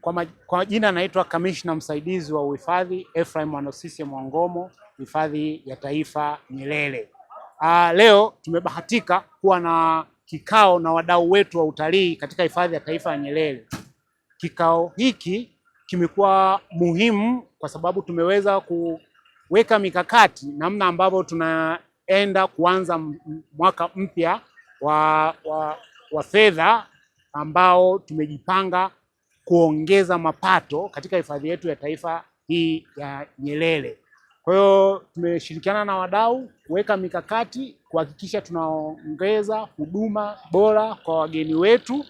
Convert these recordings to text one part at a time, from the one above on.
Kwa, kwa jina anaitwa kamishna msaidizi wa uhifadhi Ephraim Mwanosisi Mwangomo, hifadhi ya taifa Nyerere. Aa, ah, leo tumebahatika kuwa na kikao na wadau wetu wa utalii katika hifadhi ya taifa ya Nyerere. Kikao hiki kimekuwa muhimu kwa sababu tumeweza kuweka mikakati namna ambavyo tunaenda kuanza mwaka mpya wa, wa, wa fedha ambao tumejipanga kuongeza mapato katika hifadhi yetu ya taifa hii ya Nyerere. Kwa hiyo tumeshirikiana na wadau kuweka mikakati kuhakikisha tunaongeza huduma bora kwa wageni wetu.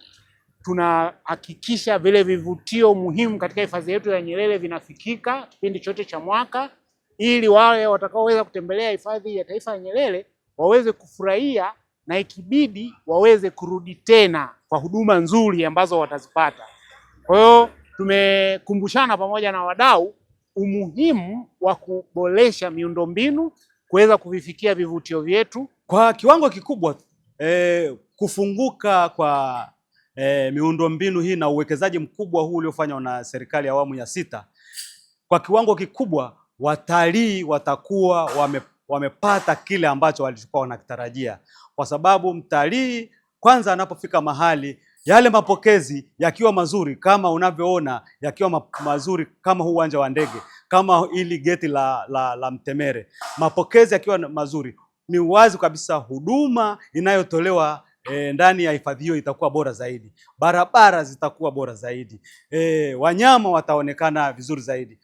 Tunahakikisha vile vivutio muhimu katika hifadhi yetu ya Nyerere vinafikika kipindi chote cha mwaka, ili wale watakaoweza kutembelea hifadhi ya taifa ya Nyerere waweze kufurahia na ikibidi waweze kurudi tena kwa huduma nzuri ambazo watazipata. Kwa hiyo tumekumbushana pamoja na wadau umuhimu wa kuboresha miundombinu kuweza kuvifikia vivutio vyetu kwa kiwango kikubwa. Eh, kufunguka kwa eh, miundombinu hii na uwekezaji mkubwa huu uliofanywa na serikali ya awamu ya sita, kwa kiwango kikubwa watalii watakuwa wame, wamepata kile ambacho walikuwa wanakitarajia, kwa sababu mtalii kwanza anapofika mahali yale mapokezi yakiwa mazuri kama unavyoona yakiwa ma mazuri kama huu uwanja wa ndege, kama ili geti la, la, la Mtemere, mapokezi yakiwa mazuri, ni wazi kabisa huduma inayotolewa E, ndani ya hifadhi hiyo itakuwa bora zaidi, barabara zitakuwa bora zaidi, e, wanyama wataonekana vizuri zaidi.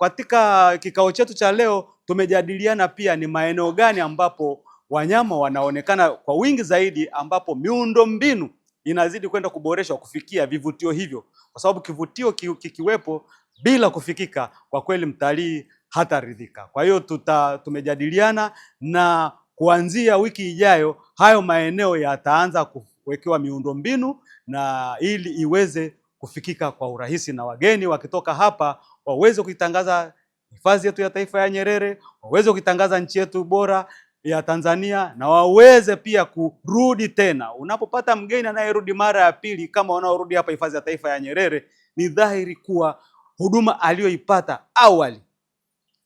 Katika kikao chetu cha leo tumejadiliana pia ni maeneo gani ambapo wanyama wanaonekana kwa wingi zaidi, ambapo miundo mbinu inazidi kwenda kuboreshwa kufikia vivutio hivyo, kwa sababu kivutio kikiwepo bila kufikika, kwa kweli mtalii hataridhika. Kwa hiyo tuta tumejadiliana na kuanzia wiki ijayo hayo maeneo yataanza kuwekewa miundombinu na ili iweze kufikika kwa urahisi, na wageni wakitoka hapa waweze kuitangaza hifadhi yetu ya taifa ya Nyerere, waweze kuitangaza nchi yetu bora ya Tanzania na waweze pia kurudi tena. Unapopata mgeni anayerudi mara ya pili kama wanaorudi hapa hifadhi ya taifa ya Nyerere, ni dhahiri kuwa huduma aliyoipata awali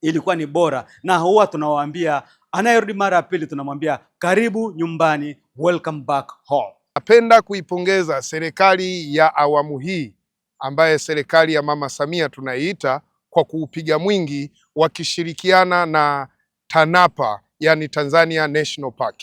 ilikuwa ni bora, na huwa tunawaambia anayerudi mara ya pili tunamwambia karibu nyumbani, welcome back home. Napenda kuipongeza serikali ya awamu hii ambaye serikali ya Mama Samia tunaiita kwa kuupiga mwingi wakishirikiana na TANAPA yani Tanzania National Park.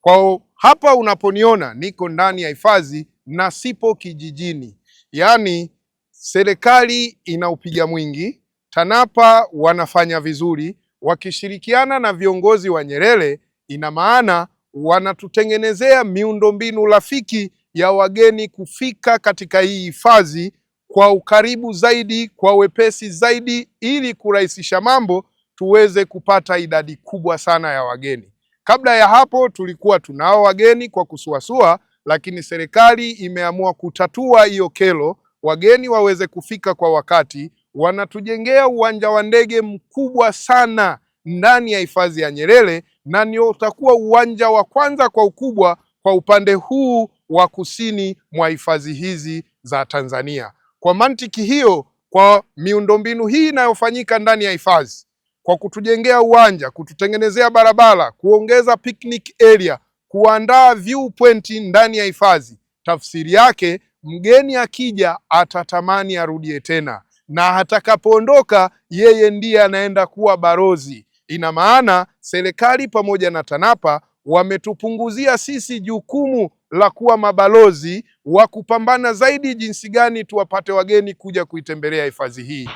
Kwao hapa unaponiona niko ndani ya hifadhi na sipo kijijini, yaani serikali ina upiga mwingi, TANAPA wanafanya vizuri wakishirikiana na viongozi wa Nyerere, ina maana wanatutengenezea miundombinu rafiki ya wageni kufika katika hii hifadhi kwa ukaribu zaidi, kwa wepesi zaidi, ili kurahisisha mambo tuweze kupata idadi kubwa sana ya wageni. Kabla ya hapo tulikuwa tunao wageni kwa kusuasua, lakini serikali imeamua kutatua hiyo kero, wageni waweze kufika kwa wakati. Wanatujengea uwanja wa ndege mkubwa sana ndani ya hifadhi ya Nyerere na ndio utakuwa uwanja wa kwanza kwa ukubwa kwa upande huu wa kusini mwa hifadhi hizi za Tanzania. Kwa mantiki hiyo, kwa miundombinu hii inayofanyika ndani ya hifadhi kwa kutujengea uwanja, kututengenezea barabara, kuongeza picnic area, kuandaa viewpoint ndani ya hifadhi. Tafsiri yake mgeni akija atatamani arudie tena, na atakapoondoka yeye ndiye anaenda kuwa barozi. Ina maana serikali pamoja na TANAPA wametupunguzia sisi jukumu la kuwa mabalozi wa kupambana zaidi jinsi gani tuwapate wageni kuja kuitembelea hifadhi hii.